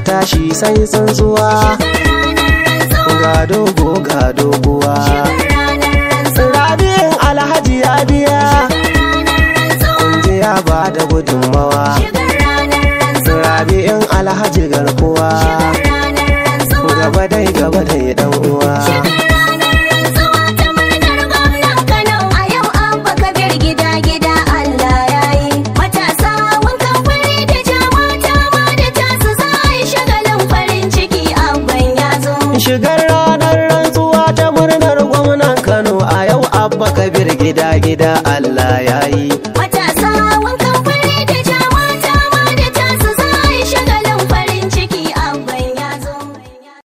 tashi sai zuwa ga dogo ga doguwa rabin alhaji ya biya kunje ya ba da gudunmawa rabin alhaji garkuwa gida gida Allah ya yi matasa